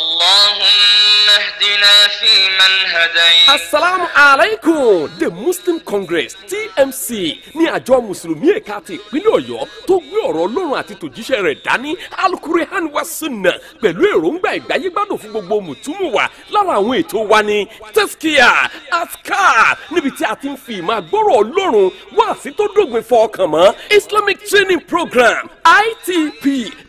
اللهم واهدنا فيمن هديت asalaamu alaikum the muslim congress tmc ní àjọ mùsùlùmí ẹ̀ka ti ìpínlẹ̀ ọ̀yọ́ tó gbé ọ̀rọ̀ ọlọ́run àti tòjíṣẹ́ rẹ̀ dání alukurihan wa sunna pẹ̀lú èròǹgbà ìgbáyégbádùn fún gbogbo mùtúmù wa lára àwọn ètò wa ni tẹ́síkìá askar níbi tí a ti ń fi ìmọ̀ àgbọ̀rọ̀ ọlọ́run wá sí tó dògbìn fọkàn mọ́ islamic training program itp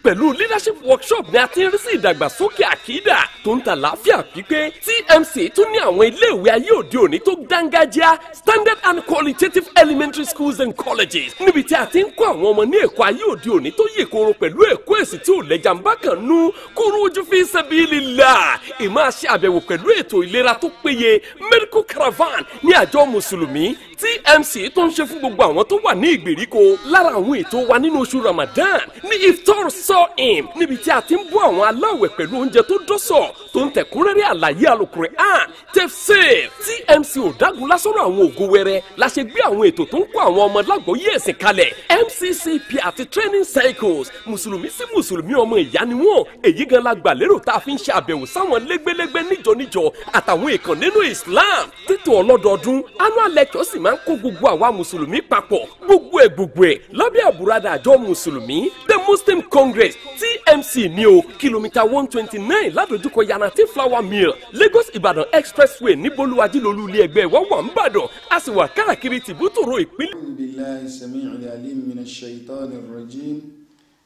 pẹ̀lú leadership workshop ni a ti ń rí sí ìdàgbàsókè àkídà tó ń ta láàfíà pípé pé TMC tún ní àwọn iléèwé ayé òde òní tó dángájá standard and qualitative elementary schools and colleges níbi tí a ti ń kọ́ àwọn ọmọ ní ẹ̀kọ́ ayé òde òní tó yè koro pẹ̀lú ẹ̀kọ́ èsì tí ò lẹ́jà ń bá kàn nú kúrú ojú fi sabilillah ìmáa ṣe àbẹ̀wò pẹ̀lú ètò ìlera tó péye medical caravan ní àjọ mùsùlùmí TMC tó ń ṣe fún gbogbo àwọn tó wà ní ìgbèríko lára àwọn ètò wa nínú oṣù Ramadan ní iftar soim níbi tí a ti ń bọ́ àwọn aláwẹ̀ pẹ̀lú oúnjẹ tó dọ́sọ̀ tó ń tẹ̀kúnrẹ́rẹ́ àlàyé alukur'an tefsir TMC ò dágun lásọ̀rọ̀ àwọn ògo wẹrẹ la ṣe gbé àwọn ètò tó ń kó àwọn ọmọ lágbóyè ẹ̀sìn kalẹ̀ MCCP àti training cycles mùsùlùmí sí mùsùlùmí ọmọ ìyá ni wọ́n èyí gan la gbà lérò tá a fi ń ṣe àbẹ̀wò sáwọn lẹ́gbẹ́lẹ́gbẹ́ níjọ àtàwọn ìkànnínú Islam títò ọlọ́dọọdún annual lecture sì má máa ń kó gbogbo àwa mùsùlùmí papọ̀ gbogbo ẹ̀ gbogbo ẹ̀ lábẹ́ àbúradà àjọ mùsùlùmí the muslim congress tmc ní o kìlómítà one twenty nine ládojúkọ yanati flower mill lagos ìbàdàn expressway níbolúwájú lolú ilé ẹgbẹ́ wa wà ń bàdàn a sì wà káàkiri tìbútòrò ìpínlẹ̀. a'udhu billahi alim minash shaitanir rajim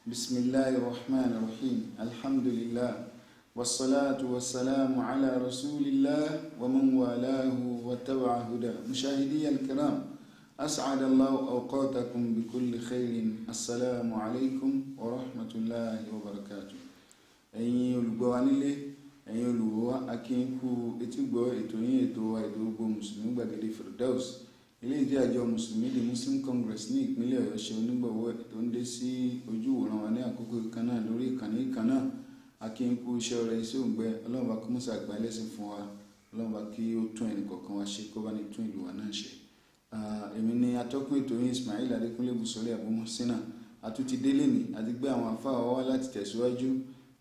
bismillahir rahmanir rahim alhamdulillah. والصلاة والسلام على رسول الله ومن والاه واتبع هدى مشاهدي الكرام أسعد الله أوقاتكم بكل خير السلام عليكم ورحمة الله وبركاته ẹ̀yin olùgbọ́ wa nílé ẹ̀yin olùwọ́ wa akínkù etígbọ́ ètò yín ètò wa ètò gbogbo mùsùlùmí gbàgede firdaus ilé ìdí àjọ mùsùlùmí the muslim congress ní ìpínlẹ̀ ọ̀yọ́ ṣe onígbọ̀wọ́ ètò ń dé sí ojú ìwòran wa ní àkókò kan náà lórí ìkànnì akínkú iṣẹ́ rẹ̀ iṣẹ́ òǹgbẹ ọlọ́run bá kó mọ́sá àgbà ẹlẹ́sìn fún wa ọlọ́run bá kí ó tún ẹnì kọ̀ọ̀kan wa ṣe kó bá ní tún ìlú wa náà ṣe. èmi ni atọ́kùn ètò yín Ismail Adékúnlé Bùsọ́lé Abúmọ́sínà àtúntí délé ni àti gbé àwọn afáà wá láti tẹ̀síwájú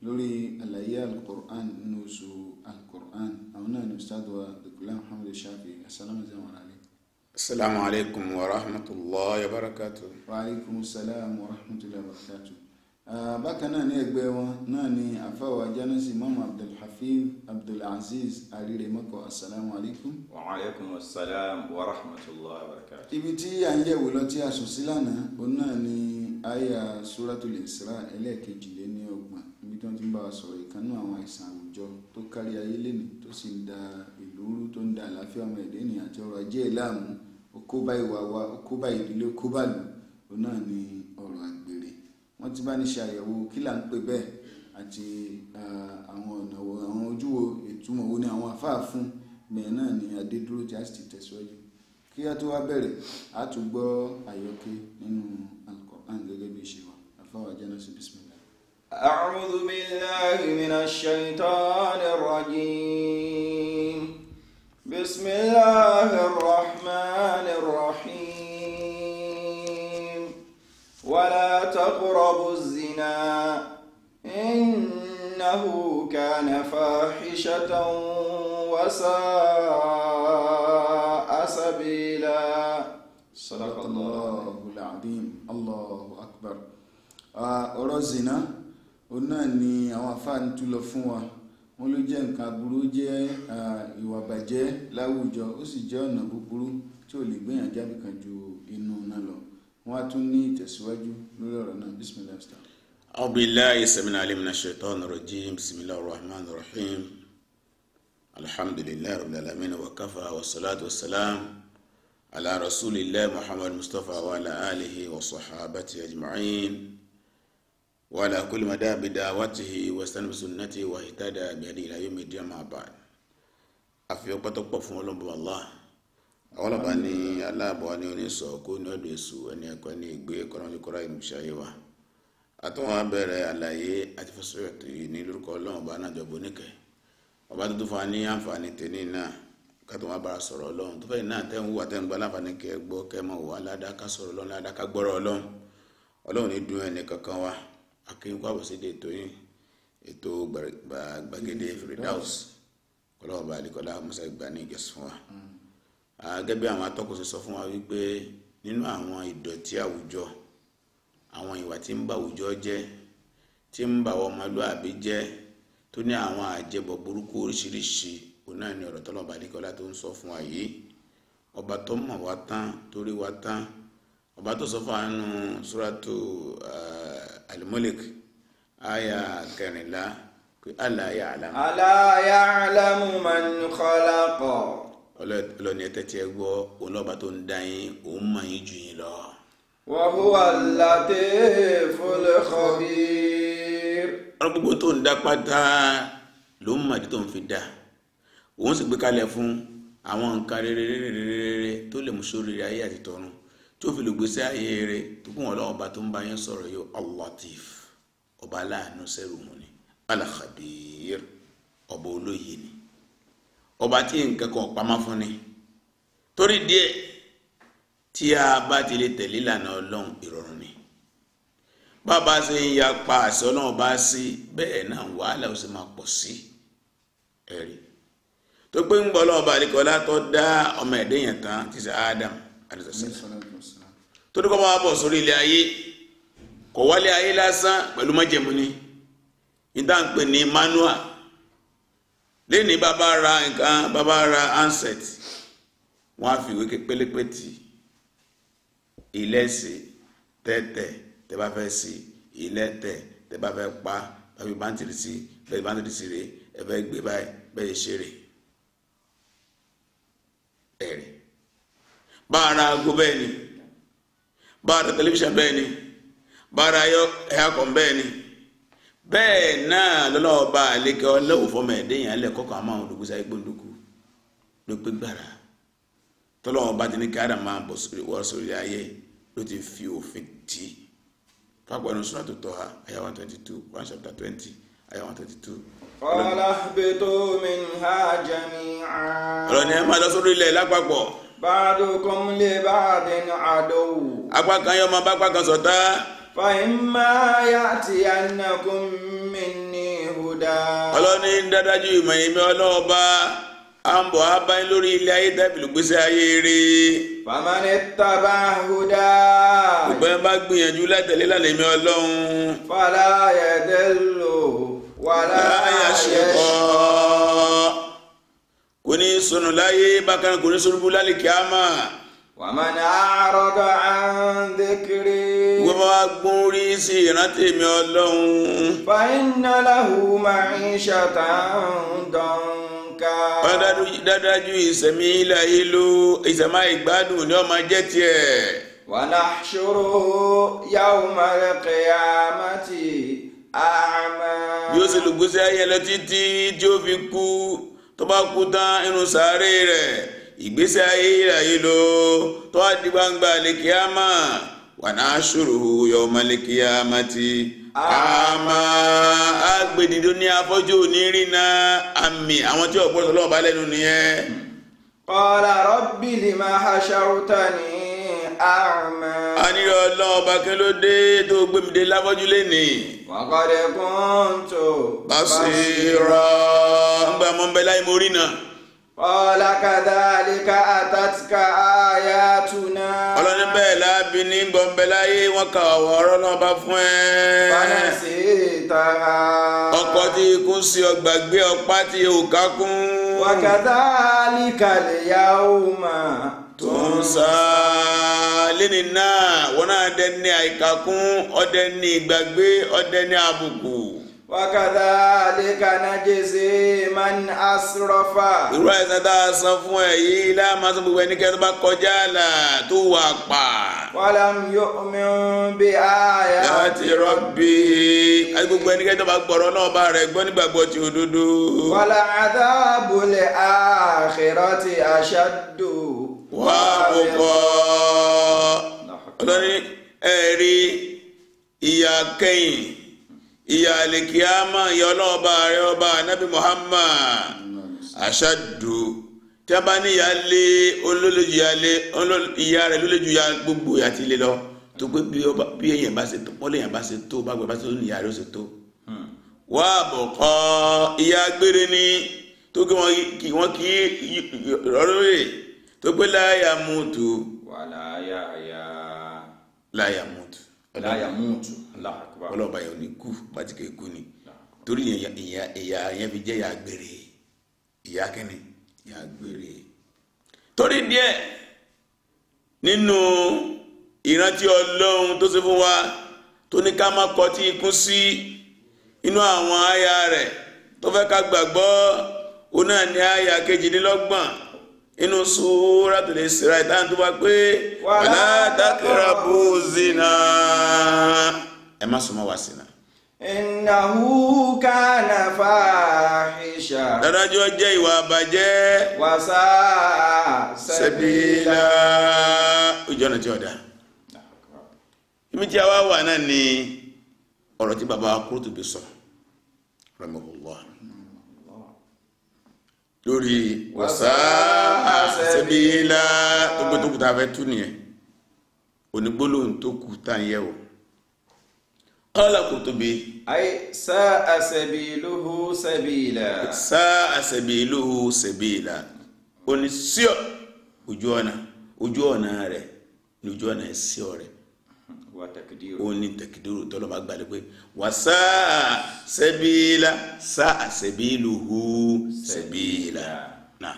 lórí àlàyé alukur'an nínú oṣù alukur'an àwọn náà ni ustaadu wa Dr. Muhammad Shafi asalaamualeykum wa rahmatulahi. asalaamualeykum wa rahmatulahi wa barakatu. wa aleykum salaam wa rahmatulahi wa barakatu. Ah, bákan náà ní ẹgbẹ́ wọn náà ni àfáwà jánásì mọ́mọ́ abdulhafiz abdulaziz aliremako asalaamu alaykum. wa aleykum salaam wa rahmatullahi wa barakatuh. ibi tí à ń yẹ̀wò lọ tí a sùn sí lánàá òun náà ni àyà suratul isra ẹlẹ́ẹ̀kejì lé ní ọgbọ̀n ibi tí wọ́n ti ń bá wa sọ̀rọ̀ ìkànnú àwọn àìsàn àwùjọ tó kárí ayé lénìí tó sì ń da ìlú rú tó ń da àlàáfíà ọmọ ẹ̀dẹ́ ènìyàn àti ọrọ̀ ajé ẹ̀ láàmú ó bá ìwà wa ó bá ìdílé ó bá lù òun náà ni wọ́n ti bá ní ṣe àyẹ̀wò kí là ń pè bẹ́ẹ̀ àti àwọn ọ̀nà àwọn ojú ìtumọ̀ wo ni àwọn àfáà fún bẹ́ẹ̀ náà ni adédúró tí a sì ti tẹ̀síwájú kí a tó wá bẹ̀rẹ̀ a tún gbọ́ àyọkẹ́ nínú al gẹ́gẹ́ bí ṣe wà àfáwà jẹ́nàṣì bismillah. a'udhu billahi minash shaitanir rajim bismillahir rahmanir rahim. ولا تقربوا الزنا إنه كان فاحشة وساء سبيلا صدق الله العظيم الله أكبر ọ̀rọ̀ zina òun náà ni àwọn afáàní tún lọ fún wa wọn ló jẹ́ nǹkan aburú jẹ́ ìwà bàjẹ́ láwùjọ ó sì jẹ́ ọ̀nà búburú tí ò lè gbìyànjú àbíkan ju inú náà lọ wọ́n á tún ní ìtẹ̀síwájú lórí ọ̀rọ̀ náà bisimilayi sita. abdullahi samina alim na shaitan rajim bisimilayi rahman rahim alhamdulilayi rabbil alamin wa kafa wa salatu wa salam ala rasulillahi muhammad mustapha wa ala alihi wa sahabati ajma'in wa ala kulli mada bidawatihi wa sanbi sunnati wa hitada bi hadi ila yomi diyama abad àfi ọpẹ́ tó pọ̀ fún ọlọmọba allah ọlọ́ba ní aláàbọ̀ ní oníṣọ́ kó ní ọdún èṣù ẹni ẹ̀kọ́ ní ìgbé kọ́nàjúkọ́rá ìmúṣayéwà àtúnwọ̀n abẹ́rẹ́ àlàyé àti tó yìí ní lórúkọ ọlọ́run ọba náà jọ̀bọ̀ níkẹ́ ọba tó tó fa ní àǹfààní tèmi náà kátó wọn bára sọ̀rọ̀ ọlọ́run tó fẹ́yìn náà wà gba láǹfààní kẹ́ gbọ́ kẹ́ mọ̀ wá ládàá sọ̀rọ̀ ọlọ́run gbọ́rọ̀ ọlọ́run ọlọ́run gẹ́gẹ́ bí àwọn atọ́kùn ṣe sọ fún wa wípé nínú àwọn ìdọ̀tí àwùjọ àwọn ìwà tí ń ba àwùjọ jẹ́ tí ń ba ọmọlúàbí jẹ́ tó ní àwọn àjẹbọ burúkú oríṣiríṣi òun náà ni ọ̀rọ̀ tọ́lọ́ba adékọ́lá tó ń sọ fún wa yìí ọba tó mọ̀ wá tán tó wá tán ọba tó sọ fún àánú suratu eh, al aya kẹrìnlá pé ala ya'lamu. ala ya'lamu man khalaqa ọlọ́ni ẹ tẹ́tí ẹ gbọ́ ọlọ́ba tó ń dá yín òun mọ̀ yín jù yín lọ. wa huwa al-latiful khabir. ọ̀rọ̀ gbogbo tó ń dá pátá ló ń mọ̀ tó ń fi dá òun sì gbé kalẹ̀ fún àwọn nǹkan rere rere rere tó lè mú sórí ayé àti tọ̀run tó fi lògbèsè ayé rere tó kún ọlọ́run ọba tó ń bá yín sọ̀rọ̀ yóò al ọba aláàánú sẹ́rù mú ni al ọba olóye ni. ọba tí nǹkan kan pamọ́ fún ni torí díẹ̀ tí a bá ti lè tẹ̀lé ìlànà ọlọ́run ìrọ̀rùn ni bàbá ṣe ń ya pa àṣẹ ọlọ́run bá sí bẹ́ẹ̀ náà wàhálà ó sì máa pọ̀ sí ẹ̀rí tó pé ń gbọ́ ọlọ́run bá dá ọmọ ẹ̀dẹ́ yẹn tán ti sẹ́ Adam àdìsọ́sẹ́lẹ̀ tó dúkọ́ máa bọ̀ sórí ilé ayé ni ìdáǹpẹ̀ lẹ́ni bàbá ra nǹkan bàbá ra handset wọ́n á fi ìwé pélépé tì ìlẹ́sẹ̀ tẹ́tẹ̀ tẹ́ bá fẹ́ sí ìlẹ́tẹ̀ tẹ́ bá fẹ́ pa tàbí báńtìrì sí bẹ́ẹ̀ báńtìrì sí rè ẹ fẹ́ gbé báyìí bẹ́ẹ̀ ṣe rè ẹ̀rì bá ara aago bẹ́ẹ̀ ni bá ara tẹlifíṣàn bẹ́ẹ̀ ni bá ara ẹ̀yà kan bẹ́ẹ̀ ni bẹ́ẹ̀ náà lọ́lọ́ọ̀ba àlékẹ́ ọlọ́wọ́ fọmọ ẹ̀dẹ́yìn alẹ́kọ́ kan máa ń lùgbúsá igbó ló pé gbàrà tọ́lọ́wọ́ ti ní kí adam máa bọ̀ sórí wọ́n sórí ayé ló ti fi òfin tì í pápá ẹnu sùnà tó tọ́ ha ayé one twenty two one chapter twenty ayé one twenty two. qala ihbitu minha jami'an. ọ̀rọ̀ ni ẹ máa lọ sórí ilẹ̀ lápapọ̀. ba'dukum li ba'din aduw. apá bá apá kan fàyínmá yá ti ànàkùn mi ní hùdà. ọlọ́ni ń dádájú ìmọ̀ ìmọ̀ ọlọ́ọ̀bá à ń bọ̀ á báyìí lórí ilé ayé dábìlì gbèsè ayé rí. fàmánì tàbá hùdà. gbogbo ẹ bá gbìyànjú látẹ̀lé lálẹ́ mi ọlọ́run. fàlà yẹ̀dẹ̀ lò wàlà yẹ̀ ṣọ́. kò ní sọnù láyé bákan kò ní sọnù bú lálẹ́ kíámà. wàmánì àárọ̀ dọ̀ à wá gún rí sí ìrántí mi ọlọ́run. fàyínà máa ń ṣàtàǹdàn ká. wọ́n dájú ìsẹ̀mí ilé ayé ìgbádùn ni ọmọ jẹ́ tiẹ̀. ونحشره يوم القيامة أعمى yóò sì lùgbésí ayẹlẹ títí tí ó fi kú tó bá kú tán inú sàárè rẹ̀ ìgbésí ayé ìràyè lò tó wá di gbangba lè kíámà wanashuruhu yawmal qiyamati ah. àmà agbèdìdó ní afọ́jú òní rìnà àmì àwọn tí ọ̀pọ̀ ọlọ́run bá lẹ́nu nìyẹn. qala rabbi lima hashartani a'ma. a ní ọlọ́run ọba kí ló dé tó gbèmídé láfọ́jú lẹ́nìí. wa qad kuntu basira. ń gbà mọ́ ń bẹ láì mórí náà. قال كذلك أتتك آياتنا ọlọ́ni bẹ́ẹ̀ láàbí ní gbọ̀nbẹ́láyé wọn kà ọ̀wọ́ ọ̀rọ̀ náà bá fún ẹ. fànàsì tààrà. ọkọ̀ tí ikú sí ọgbàgbé ọpá tí òkà kún. وكذلك اليوم tunsa lẹ́ni náà wọ́n náà dẹ́ni àìkàkún ọ̀dẹ́ni ìgbàgbé ọ̀dẹ́ni àbùkù wàkàtàlíkà nàjèsè man asrọ́fà. irú àìsàn tá a san fún ẹ yìí láàmú sọ gbogbo ẹnikẹ́ni tó bá kọjá àlà tó wà pa. wàlám yu'min bí àyà. láti rọ́bì àti gbogbo ẹnikẹ́ni tó bá gbọ́rọ̀ náà bá rẹ̀ gbọ́ nígbàgbọ́ ti òdodo. wàlá àdàbòlẹ̀ àkhírati àṣàdù. wà á kò ọlọ́ni ẹ̀rí ìyá kẹ́yìn ìyà àlèkíámà ìyà ọlọ́ọ̀bá ààrẹ ọba anábì Muhammad aṣáàdù tí a bá ní ìyà lé olólójú ìyà lé ìyà rẹ̀ lólójú ìyà gbogbo ìyà ti lé lọ tó pé bí èèyàn bá ṣe tó pọ́lẹ̀ èèyàn bá ṣe tó bá gbẹ bá ṣe tó ní ìyà rẹ̀ ó ṣe tó. Hmm. wá àbọ̀ kọ́ ìyà gbére ni tó kí wọ́n kí wọ́n kí rọ́rọ́rẹ́ tó pé láyà mútu. wà láyà àyà. láyà mútu láyà múùtù ọlọ́ọ̀bá yẹn ò ní kú bàtìkẹ́ kú ni torí ìyá yẹn fi jẹ́ ìyá gbére ìyá kínní ìyá gbére torí díẹ̀ nínú ìrántí ọlọ́run tó ṣe fún wa tó ní ká má kọtí ikún sí inú àwọn àyà rẹ̀ tó fẹ́ ká gbàgbọ́ òun náà ní àyà kejìdínlọ́gbọ̀n inú Suratul Isra ìtàn tó wá pé wàlá dákẹ́rà bó zina ẹ má súnmọ́ wá sínà. ìnáwó kánà fàáhìṣà. dájú jẹ́ ìwà àbàjẹ́. wàsá sẹ́bílà. ojú ọ̀nà tí ọ̀dà. ibi tí a wá wà náà ni ọ̀rọ̀ tí baba Qurtubi sọ rahimahullah lórí wàsá àṣẹbíyélá gbogbo tó kù tá a fẹ́ tú nìyẹn onígbólóhùn tó kù tá a yẹ o qala Qurtubi. ayé sá àṣẹbíyélóhù sẹ́bíyélá. sá àṣẹbíyélóhù sẹ́bíyélá oníṣíọ̀ ojú ọ̀nà ojú ọ̀nà rẹ̀ ojú ọ̀nà ẹ̀ṣíọ̀ rẹ̀ ó ní tẹkidiru tọ́lọ́ bá gbalẹ̀ pé wà sáà sẹ́bíìlà sáà sẹ́bíìlù hu sẹ́bíìlà náà.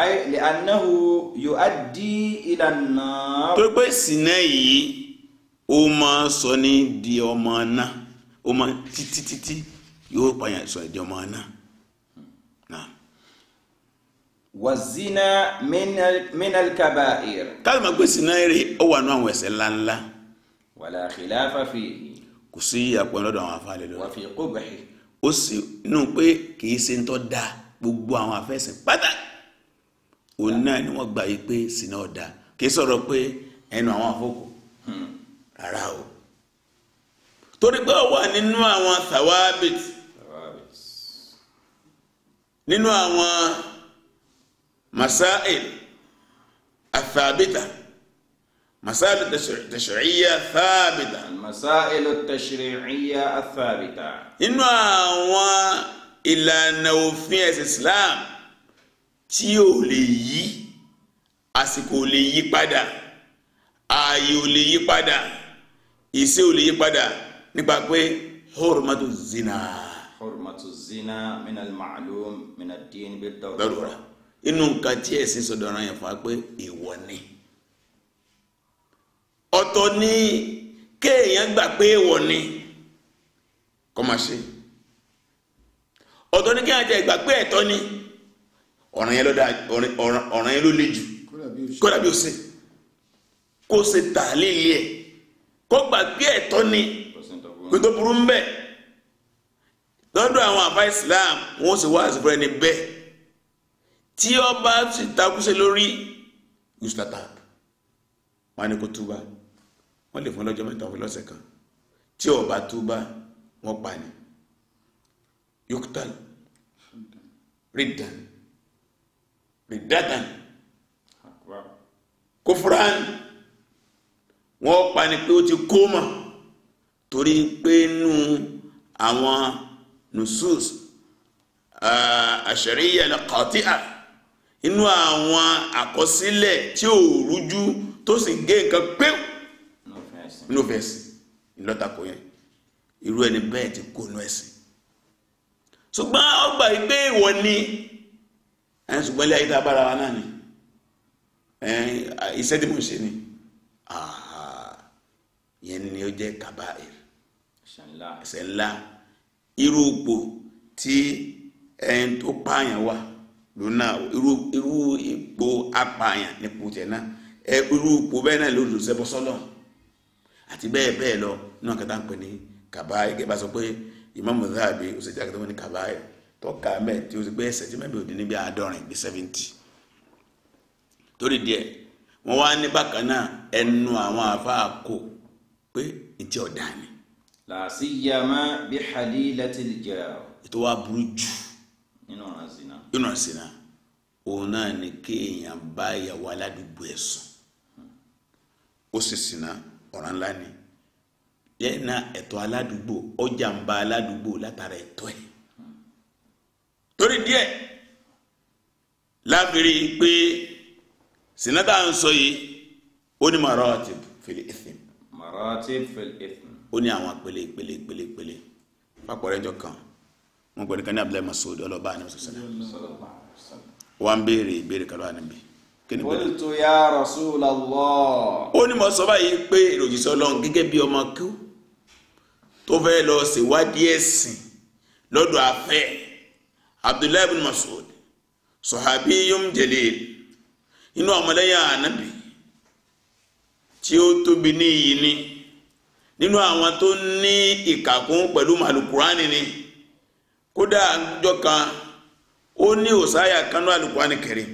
ayé lè anahu yóò á di ìlànà. tó pé sinẹ yìí ó máa sọ ní di ọmọ náà ó máa títí yóò pààyàn sọ di ọmọ náà wazina minal kabair. kálí ma gbèsè náà rè ó wà nù àwọn ẹ̀ṣẹ̀ ńláńlá wàlá khilafa fi. kò sí àpọ̀ lọ́dọ̀ àwọn afáàlẹ́ lórí. wà fi kó bẹ̀rẹ̀. ó sì nù pé kì í ṣe ń tọ́ da gbogbo àwọn afẹ́sìn pátá òun náà ni wọ́n gbà yí pé sinna ọ̀dà kì í sọ̀rọ̀ pé ẹnu àwọn àfọkù hmm. rárá o torí pé ó wà nínú àwọn thawabit nínú àwọn masail athabita. مسائل التشريعية ثابتة المسائل التشريعية الثابتة inú àwọn ìlànà òfin ẹ̀sìn Islam tí ò lè yí àsìkò ò lè yí padà ààyè ò lè yí padà ìṣe ò lè yí padà nípa pé hurmatu zina. hurmatu zina minal ma'lum minad din bid darura. inú nǹkan tí ẹ̀sìn sọ̀dọ̀ ọ̀ràn yẹn fún wa pé èèwọ̀ ni ọ̀tọ̀ ni kéèyàn gbà pé èèwọ̀ ni kọ́ máa ṣe ọ̀tọ̀ ni kéèyàn jẹ́ ìgbà pé ẹ̀tọ́ ni ọ̀ràn yẹn ló le jù kódà bí ó ṣe kó ṣe tà líle ẹ̀ kó gbà pé ẹ̀tọ́ ni pé tó burú ń bẹ̀ lọ́dọ̀ àwọn àbá Islam wọ́n sì wá àsìkò ẹni bẹ́ẹ̀ tí ọba sì takú sí lórí yusuf latab wọn á ní kó túbà wọ́n lè fún ọlọ́jọ́ mẹ́ta òfin lọ́sẹ̀ kan tí ó bá túbá wọ́n pa ni yuktal ridan ridatan kófúrán wọ́n pa ni pé ó ti kó mọ̀ torí pé nú àwọn nusus àṣẹríyà lọ́kọ̀ọ́tíà inú àwọn àkọsílẹ̀ tí ò rújú tó sì gé nǹkan pẹ́ẹ́ nínú òfin ẹ̀sìn ìlọ́tàkọ yẹn irú ẹni bẹ́ẹ̀ ti kó nú ṣùgbọ́n ọgbà ìgbé ìwọ ni ẹ̀yìn ṣùgbọ́n ilé ayé tá a bára wa náà ni iṣẹ́ ni yẹn ni ó jẹ́ kaba ẹ̀ṣẹ̀ ńlá irú ipò tí ẹ̀yìn tó pààyàn wà lónà irú ipò apààyàn nípò tẹ̀ náà irú ipò bẹ́ẹ̀ náà ló àti bẹ́ẹ̀ bẹ́ẹ̀ lọ nínú àkàtà ń pè ní kàbá ẹgẹ́ bá sọ pé Imam Zahabi ó sì jẹ́ àkàtà wọn ní kàbá ẹ̀ tọ́ka mẹ́ tí ó ti gbé ẹsẹ̀ tí mẹ́bí òdi níbi àádọ́rin bí seventy torí díẹ̀ wọ́n wá ní bákan náà ẹnu àwọn àáfàá kò pé ìjẹ́ ọ̀dà ni. làásì yamá bí hadi láti jẹ́ ọ. ètò wa burú jù. nínú ọ̀ràn sínú. nínú ọ̀ràn sínú òun náà ni kéèyàn bá ìyàwó aládùúgbò ẹ̀ ó sì sìnà ọ̀ràn ńlá ni lẹ́yìn náà ẹ̀tọ́ aládùúgbò ọjà ń ba aládùúgbò látara ẹ̀tọ́ ẹ̀ torí díẹ̀ láfiri pé sinata ń sọ yìí ó ní maratib fil ithm. maratib fil ithm. ó ní àwọn pele pele pele pele fapọ̀rẹ́jọ kan wọn gbọ́dọ̀ kan ní abdullahi masoud ọlọ́ba àná sọ̀sẹ̀lá wọn béèrè ìbéèrè kan lọ́wọ́ kíni bẹ́ẹ̀. qultu ya rasulallah. ó ní mo sọ báyìí pé ìròjìṣẹ́ ọlọ́run gẹ́gẹ́ bí ọmọ kú tó fẹ́ lọ ṣèwádìí ẹ̀sìn lọ́dọ̀ afẹ́ abdullahi bin mas'ud sahabiyum jalil inú ọmọlẹ́yìn ànábì tí ó tóbi ní iyì ni nínú àwọn tó ní ìkàkún pẹ̀lú màlùkùránì ni kódà àjọ kan ó ní òsáyà kanú àlùkùránì kẹrin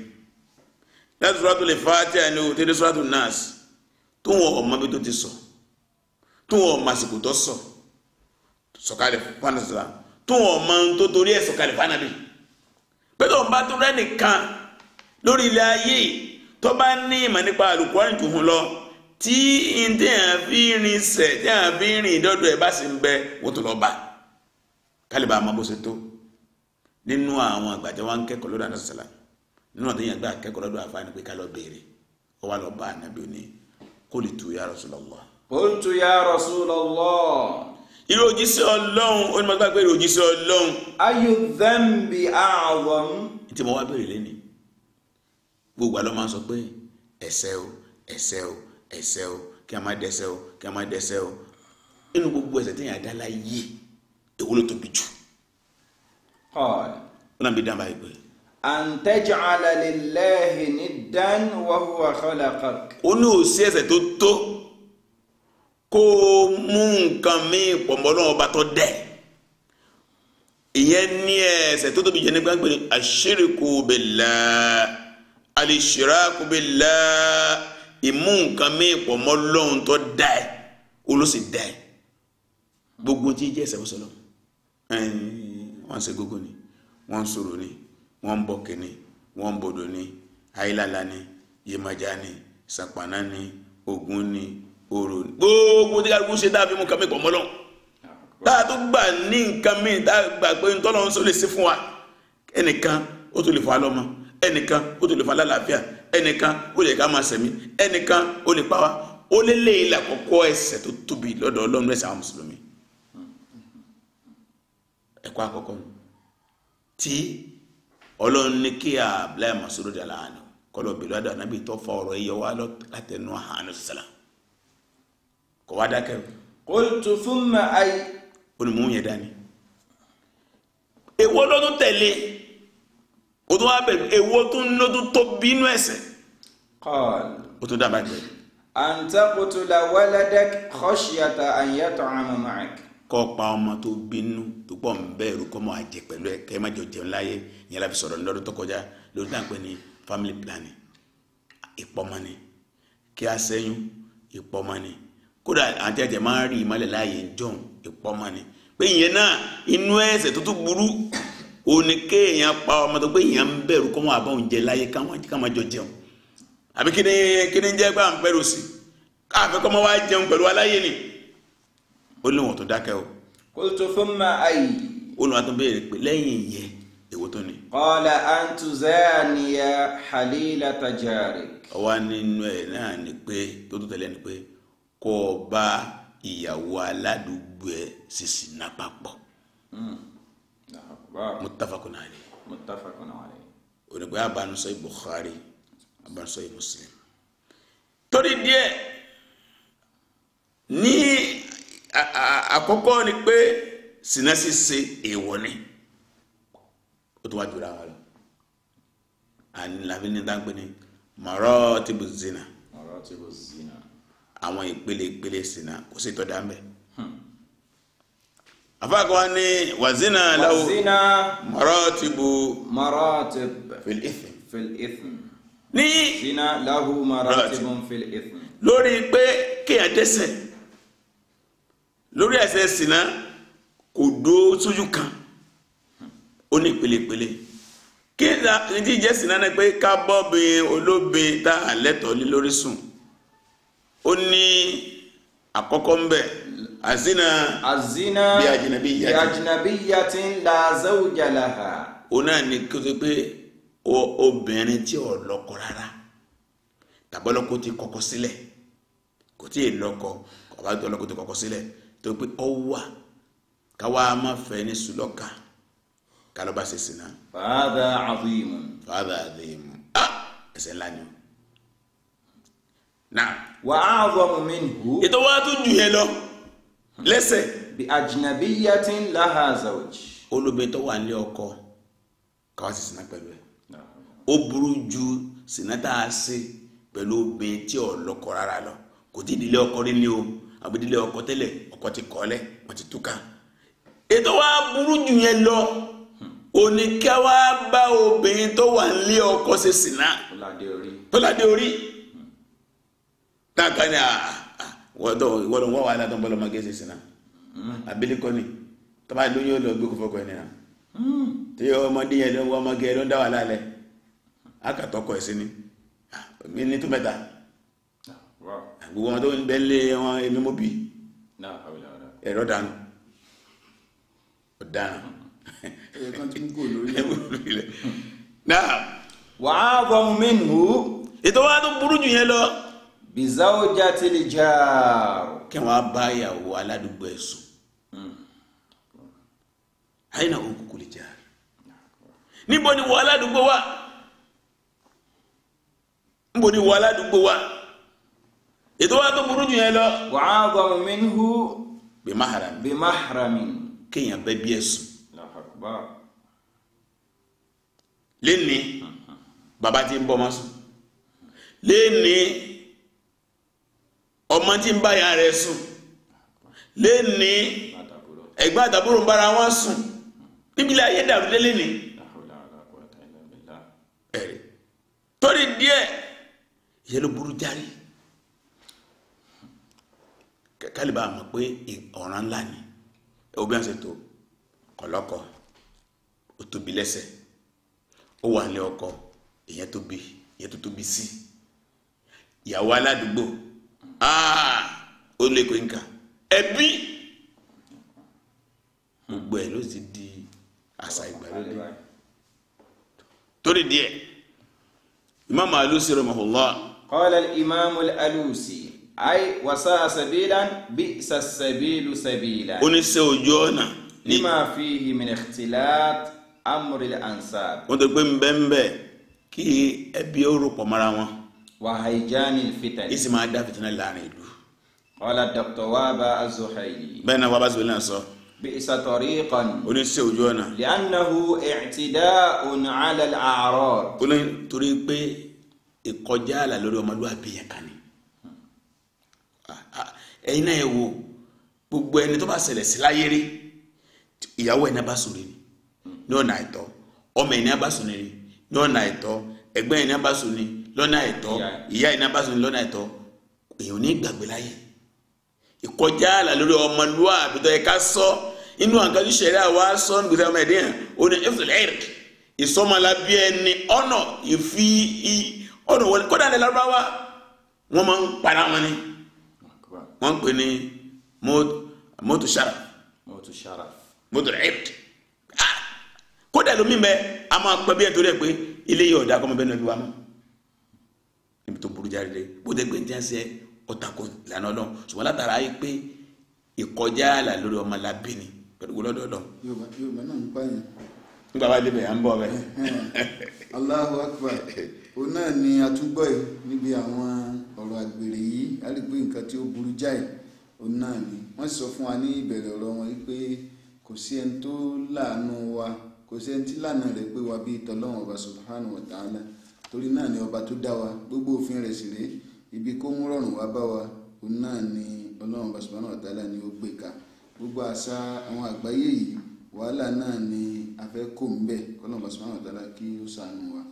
láti sọ́ràtò lè Fatiha ní o tẹ́lẹ̀ sọ́ràtò Nas tó wọn ọmọ bí tó ti sọ tó wọn ọmọ àsìkò tó sọ sọ̀kalẹ̀ fanasọ̀la tó wọn ọmọ tó torí ẹ̀ sọ̀kalẹ̀ fanabi pẹ̀lú ọ̀nba tó rẹ́ nìkan lórí ilẹ̀ ayé tó bá ní ìmọ̀ nípa Al-Qur'an jù hún lọ tí ntí à ń fi rin sẹ̀ tí à ń fi rin dọ́dọ̀ ẹ̀ bá sì ń bẹ wọ́n tó lọ bá kálíbà àmọ́ bó ṣe tó nínú àwọn àgbàjọ wa kẹ́kọ̀ọ́ lórí àdásọ̀sọ̀lá nínú ọ̀dẹ́ yẹn gbà kẹ́kọ̀ọ́ lọ́dọ̀ àfáàní pé ká lọ béèrè ó wá lọ bá ànábì òní qultu ya Rasulullah. qultu ya Rasulullah. irú òjíṣẹ́ ọlọ́run ó ní ma gbàgbé irú òjíṣẹ́ ọlọ́run. ayu dhanbi a'zam. tí mo wá béèrè lẹ́ni gbogbo àlọ́ máa ń sọ pé ẹ̀ṣẹ̀ o ẹ̀ṣẹ̀ o ẹ̀ṣẹ̀ o kí a má dẹ́ṣẹ̀ o kí a má dẹ́ṣẹ̀ o inú gbogbo ẹ̀ṣẹ̀ tí yẹn adá láyé èwo ló tóbi jù. ọ̀ọ́ ó náà bí dáhùn báyìí pé an taj'ala lillahi niddan wa huwa khalaqak. ó ní òsì ẹ̀ṣẹ̀ tó tó kó o mú nǹkan míì pọ̀npọ̀ náà ọba tó dẹ̀ ìyẹn ní ẹ̀ṣẹ̀ tó tóbi jẹ ní gbàgbé ashiriku billah alishiraku billah ìmú nǹkan míì pọ̀npọ̀ lọ́hùn tó dẹ̀ olóṣì dẹ̀ gbogbo tí jẹ́ ẹ̀ṣẹ̀ wọ́sọ̀lọ́ wọ́n ṣe gógó ni wọ́n ń sọ̀rọ̀ ni wọ́n ń bọ kìnní wọ́n ń bodò ní ayélálá ní yemajá ní sàpàná ní ogun ní oro ní gbogbo tí kálukú ṣe dáa fi mú kàmí pọ̀mọ́ lọ́wọ́ tá a tó gbà ní nǹkan míì tá a gbà pé ntọ́nà ń sọ lè ṣe fún wa ẹnìkan ó tó lè fọ alọ́mọ ẹnìkan ó tó lè fọ alálàáfíà ẹnìkan ó lè ká máa sẹ̀mí ẹnìkan ó lè pa wá ó lé lé ilà kọ́kọ́ ẹ̀ṣẹ̀ tó tóbi lọ́dọ̀ ọlọ́run ẹ̀ṣẹ̀ àwọn mùsùlùmí ẹ̀kọ́ àkọ́kọ́ tí ọlọ́run ní kí Abdullahi Mas'ud radiyallahu anhu kọlọ̀ bèlú àdó ànábì tó fa ọ̀rọ̀ yìí wá látẹnu àhánú sàlá kò wá dákẹ́ qultu thumma ayé olùmọ̀ yẹn dání èwo ló tún tẹ̀lé o tún wá bẹ̀rù èwo tún ló tó bínú ẹ̀sẹ̀ o tún dábàá jẹ. an taqtula waladak khashyata an yat'ama ma'ak kọ́ pa ọmọ tó bínú tó pọ̀ ń bẹ̀rù kọ́ mọ́ àjẹ pẹ̀lú ẹ̀ kẹ́ má jọ jẹun láyé ìyẹn la sọ̀rọ̀ lọ́dún tó kọjá lórí náà pé ní family planning ìpọ́mọ ni kí a ṣẹ́yún ìpọ́mọ ni kódà àti ẹ̀jẹ̀ máa ń rí ìmọ̀lẹ̀ láàyè jọ̀hún ìpọ́mọ ni pé ìyẹn náà inú ẹ̀ṣẹ̀ tó tún burú òní kéèyàn pa ọmọ tó pé èèyàn ń bẹ̀rù kọ́ wọn àbọ̀ oúnjẹ ó lóun tó dákẹ́ o. qultu thumma ayy. olùwà tó béèrè pé lẹ́yìn ìyẹn èwo tó ni. qala an tuzaniya halila tajarik. ọwọ́ nínú ẹ̀ náà ni pé tó tó tẹ̀lé ni pé kó o ìyàwó aládùúgbò ẹ̀ sísì náà papọ̀. Hmm. muttafaqun alayhi. muttafaqun alayhi. onígbà abánusọ Bukhari abánusọ Muslim. torí díẹ̀ ní àkọ́kọ́ ni pé sinna se èèwọ̀ ni ó tó wá jùlọ àwọn lọ àníláfi ní dáńgbé ni maratibu zina maratibu zina àwọn ìpele ìpele sinna kò sí ìtọ́jà ń bẹ̀. Hmm. àfáàkọ́ wa ní wàzínà láwù maratibu maratibu fil ithm fil ithm ní maratibu fil ithm lórí pé kéèyàn dẹ́ṣẹ̀ lórí ẹ̀ṣẹ̀ ṣìnà kò dó sójú kan ó ní ìpele-ìpele kí ni tí ìjẹ́ ṣìnà náà pé ká bọ́bìn olóbìn tá à lẹ́tọ̀ọ́ lé lórí sùn ó ní àkọ́kọ́ ń bẹ̀ àzínà àzínà bí ajinabiyatin la zawja laha ó náà ní kí o ti pé obìnrin tí ò lọ́kọ rárá tàbọ́lọ́kọ ti kọ́kọ́ sílẹ̀ kò tí ì lọ́kọ ọ̀bá tó lọ́kọ ti kọ́kọ́ sílẹ̀ tokpe ọwụwa ọ wà káwa máa fẹ́ ní sùlọ́ka kálọ́ba ṣe sìn náà. fàádà àdìmù. Ah! na. wa á m mu mi nù. wa lọ lese. bi ajinabi ti ń láha àzàwòjì. nle ọkọ ju sinata ṣe pẹ̀lú obìnrin tí ò lọ kò ọkọ rí o àbí ọkọ wọ́n ti kọ́lẹ̀ wọ́n ti túká ètò wa burú jù yẹn lọ òní ká wá bá obìnrin tó wà nílé ọkọ ṣe sìnà tó ládé orí dáka ni wọ́dọ̀ wọ́dọ̀ wọ́n wà ládọ́ bọ́lọ́ mọ́gẹ́ ṣe sìnà abilékọ ni tọ́ba lóyún lọ gbé kófọ́kọ ẹni náà hmm. tí ọmọdé yẹn lọ́wọ́ mọ́gẹ́ ló ń dá wà lálẹ́ akàtọ́kọ ẹ̀ sí ni ah, mi ní tó mẹ́ta ah, gbogbo wọn tó ń bẹ́ẹ̀ lé wọn èmi mọ́ ẹ̀rọ dànù ọ̀daràn. náà wàá bọ̀ mí nù ètò wa tó burú jù yẹn lọ. bizawo jati le ja. kí wọn bá ìyàwó aládùúgbò ẹ sùn. àyìnà òkùnkùn jà. níbo ni wọ aládùúgbò wa. níbo ni wọ aládùúgbò wa. ètò tó burú jù lọ. wa a'zamu minhu. bi mahram. bi mahramin. kéèyàn bẹ bí ẹsùn. lẹ́ni bàbá ti ọmọ ya daburu mbara wọn torí kálíbà mọ̀ pé ọ̀ràn ńlá ni ẹ̀wọ̀n bí wọ́n ṣe tó ó tóbi ó wà ní ọkọ ìyẹn tóbi ìyẹn tó tóbi sí ìyàwó aládùúgbò ah, ó lè pé nǹkan ẹbí gbogbo ẹ̀ ló ti di àṣà Imam Alusi imam alusi ayi wasa sabilan bi sasabilu sabila. ó ní ṣe ojú ọ̀nà. ní máa fi himinextilat amuril ansab. wọ́n ti gbé nbẹ́nbẹ́ kí ẹbí ó rò pọ̀ mọ́ra wọn. wàhálìjáni fitan. ìsì máa dá fitinẹ láàrin ìlú. ọ̀la dr waba azuhaili. bẹ́ẹ̀ náà waba azuhaili náà sọ. bi isatọ̀rí kan. ó ní ṣe ojú li'annahu i'tida un ala al-a'rad. ó ní torí pé ìkọjá àlà lórí ọmọlúwàbí yẹn kan ni ẹ̀yin náà ẹ wo gbogbo ẹni tó bá ṣẹlẹ̀ sí láyé rí ìyàwó ẹni bá sùn rí ní ọ̀nà àìtọ́ ọmọ ẹni bá sùn rí ní ọ̀nà àìtọ́ ẹgbẹ́ ẹni bá sùn ní lọ́nà àìtọ́ ìyá ẹni bá sùn ní lọ́nà àìtọ́ èèyàn ní ìgbàgbé láyé ìkọjá àlà lórí ọmọlúwàbí tó yẹ ká sọ inú àǹkan tí sẹ̀rí àwa sọ ní gbèsè ọmọ ẹ̀dẹ́ yẹn ó ní ẹ̀fẹ̀lẹ́rì ìsọmọlábí ẹni ọ̀nà ìfi ọ̀nà wọlé kọ́dà ní Lárúbáwá máa ń para wọn ni wọ́n ń pè ní mọ́tò sharaf mọ́tò sharaf mọ́tò ẹ̀d ah! kódà lómi bẹ a máa pẹ́ bí ẹ̀ torí ẹ̀ pé ilé yìí ọ̀dà kọ́mọ bẹ́ẹ̀ náà bí wa mọ́ níbi tó burú jáde dé bó dé pé ní tiẹ́ sẹ́ ọ̀tàkùn lànà ọlọ́run ṣùgbọ́n látara yìí pé ìkọjá àlà lórí ọmọ làbí ni pẹ̀lú gbọ́dọ̀dọ̀. yorùbá náà ń pààyàn. nígbà wà lébẹ̀ à ń bọ̀ bẹ́ẹ̀. Allahu Akbar. òun náà ni atúgbọ́ yìí níbi àwọn ọ̀rọ̀ àgbèrè yìí a rí pé nǹkan tí ó burú jáì òun náà ni wọ́n sọ fún wa ní ìbẹ̀rẹ̀ ọ̀rọ̀ wọn wípé kò sí ẹni tó láàánú wa kò sí ẹni tí lànà rẹ̀ pé wa bíi tọ́lọ́run ọba subhanahu wa torí náà ni ọba tó dá wa gbogbo òfin rẹ̀ sì rèé ibi kó mú rọrùn wá bá wa òun náà ni ọlọ́run ọba subhanahu wa ni ó gbé e ka gbogbo àṣà àwọn àgbáyé yìí wàhálà náà ni a fẹ́ ń bẹ̀ kọ́lọ́run ọba subhanahu wa kí ó ṣàánú wa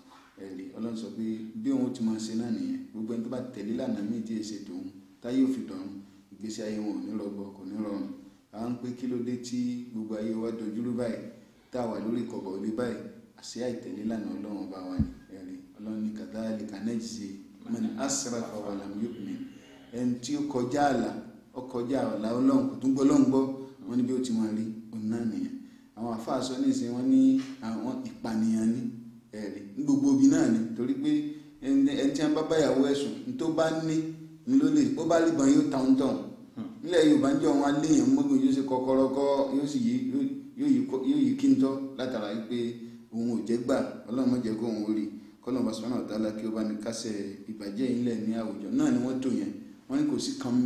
ẹ̀rí ọlọ́run sọ pé bí òun ti máa ṣe náà nìyẹn gbogbo ẹni tó bá tẹ̀lé lànà míì tí èsè tòun táyé òfin dọ̀run ìgbésí ayé wọn ò ní rọgbọ kò ní rọrùn à ń pé kí ló dé tí gbogbo ayé wa dojúrú báyìí tá a wà lórí ìkọ̀kọ̀ ilé báyìí àṣẹ àìtẹ̀lé lànà ọlọ́run ọba wa ni ẹ̀rí ọlọ́run ní kadhalika najzi man asrafa wa lam yu'min ẹni tí ó kọjá àlà ó kọjá àlà ọlọ́run kò tún gbọ́ ẹ̀rí gbogbo ibi náà ni torí pé ẹni wọn bá báyàwó ẹ̀sùn ní bá ní ní ló lè bó bá lìbọn yóò ta ń tàn hmm. nílẹ̀ yorùbá ń jẹ́ òun aléèyàn mọ́gbìn yóò ṣe kọ́kọ́rọ́ yóò kí n tọ́ látara pé òun ò jẹ́ gbà ọlọ́run mọ̀jẹ́ kó òun rí kọ́nà bá sọ́nà ọ̀tàlá kí ó bá ní kásẹ̀ ìbàjẹ́ àwùjọ náà ni wọ́n tò yẹn wọ́n ní kò sí kan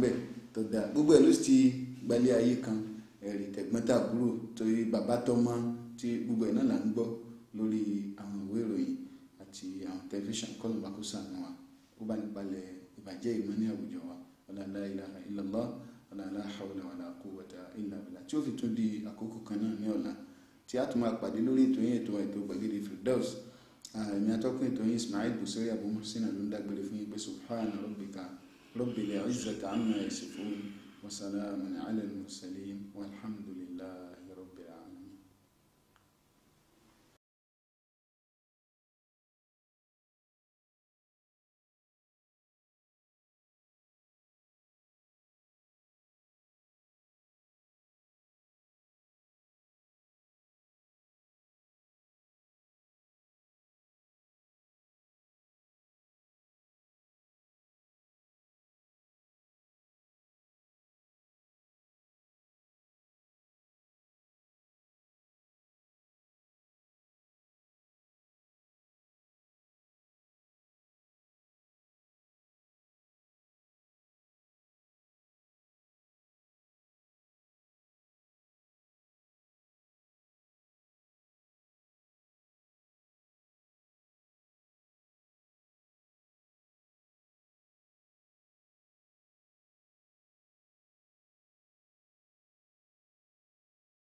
tó gbogbo gbogbo lórí àwọn ìwé ìròyìn àti àwọn tẹlifíṣàn kọ́nà bá kó sànù wa ó bá nípalẹ̀ ìbàjẹ́ ìmọ̀ ní àwùjọ wa ọ̀là la ilaha illallah ọ̀là la hawla wala quwwata illa billah tí ó fi tún di àkókò kan náà ní ọ̀la tí a tún máa pàdé lórí ètò yẹn ètò ètò gbàgede firdaus èmi atọ́kùn ètò yẹn ismail busori abu ló ń dágbére fún yín pé subhana rabbika rabbil izzati